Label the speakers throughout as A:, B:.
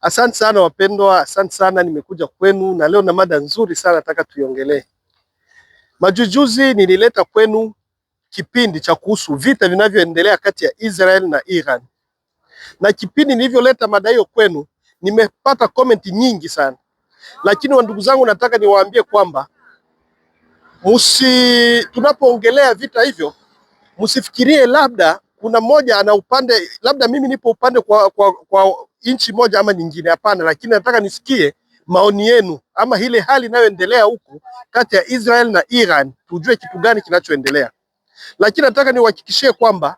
A: Asante sana wapendwa, asante sana nimekuja kwenu na leo na mada nzuri sana nataka tuiongelee. Majujuzi nilileta kwenu kipindi cha kuhusu vita vinavyoendelea kati ya Israel na Iran, na kipindi nilivyoleta mada hiyo kwenu nimepata komenti nyingi sana, lakini wandugu zangu, nataka niwaambie kwamba musi, tunapoongelea vita hivyo msifikirie labda kuna mmoja ana upande labda mimi nipo upande kwa, kwa, kwa nchi moja ama nyingine, hapana, lakini nataka nisikie maoni yenu ama ile hali inayoendelea huku kati ya Israel na Iran, tujue kitu gani kinachoendelea. Lakini nataka niwahakikishie kwamba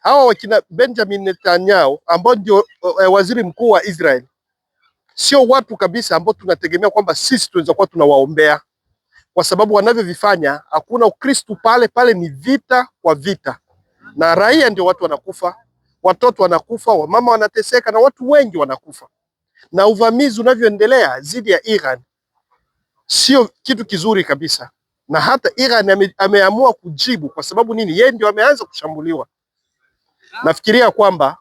A: hawa wakina Benjamin Netanyahu ambao ndio eh, waziri mkuu wa Israel sio watu kabisa ambao tunategemea kwamba sisi tunaweza kuwa tunawaombea, kwa sababu wanavyovifanya hakuna Ukristo pale pale, ni vita kwa vita na raia ndio watu wanakufa, watoto wanakufa, wamama wanateseka na watu wengi wanakufa. Na uvamizi unavyoendelea dhidi ya Iran sio kitu kizuri kabisa, na hata Iran ame, ameamua kujibu. Kwa sababu nini? Yeye ndio ameanza kushambuliwa. Nafikiria kwamba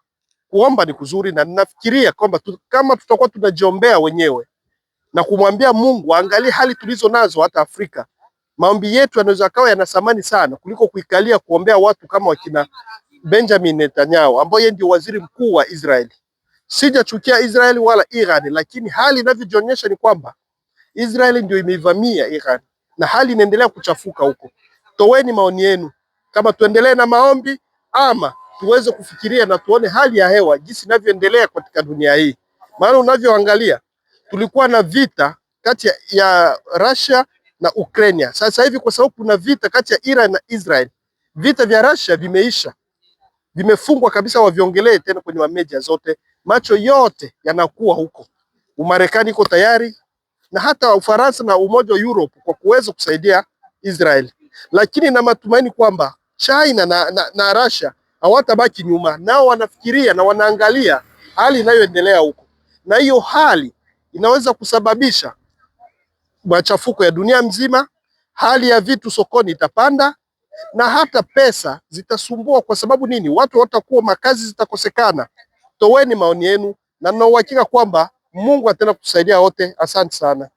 A: kuomba ni kuzuri, na nafikiria kwamba tu, kama tutakuwa tunajiombea wenyewe na kumwambia Mungu aangalie hali tulizo nazo hata Afrika maombi yetu yanaweza kawa yana thamani sana kuliko kuikalia kuombea watu kama wakina Benjamin Netanyahu ambaye yeye ndio waziri mkuu wa Israeli. Sijachukia Israeli wala Iran, lakini hali inavyojionyesha ni kwamba Israeli ndio imeivamia Iran na hali inaendelea kuchafuka huko. Toweni maoni yenu kama tuendelee na maombi ama tuweze kufikiria na tuone hali ya hewa jinsi inavyoendelea katika dunia hii, maana unavyoangalia tulikuwa na vita kati ya Russia na Ukraine. Sasa hivi kwa sababu kuna vita kati ya Iran na Israel, vita vya Russia vimeisha, vimefungwa kabisa, waviongelee tena kwenye mamedia zote, macho yote yanakuwa huko. Umarekani iko tayari na hata Ufaransa na Umoja wa Europe kwa kuweza kusaidia Israel, lakini na matumaini kwamba China na, na, na Russia hawatabaki nyuma, nao wanafikiria na wanaangalia hali inayoendelea huko, na hiyo hali inaweza kusababisha machafuko ya dunia mzima, hali ya vitu sokoni itapanda na hata pesa zitasumbua. Kwa sababu nini? Watu watakuwa, makazi zitakosekana. Toweni maoni yenu, na nina uhakika kwamba Mungu atenda kutusaidia wote. Asante sana.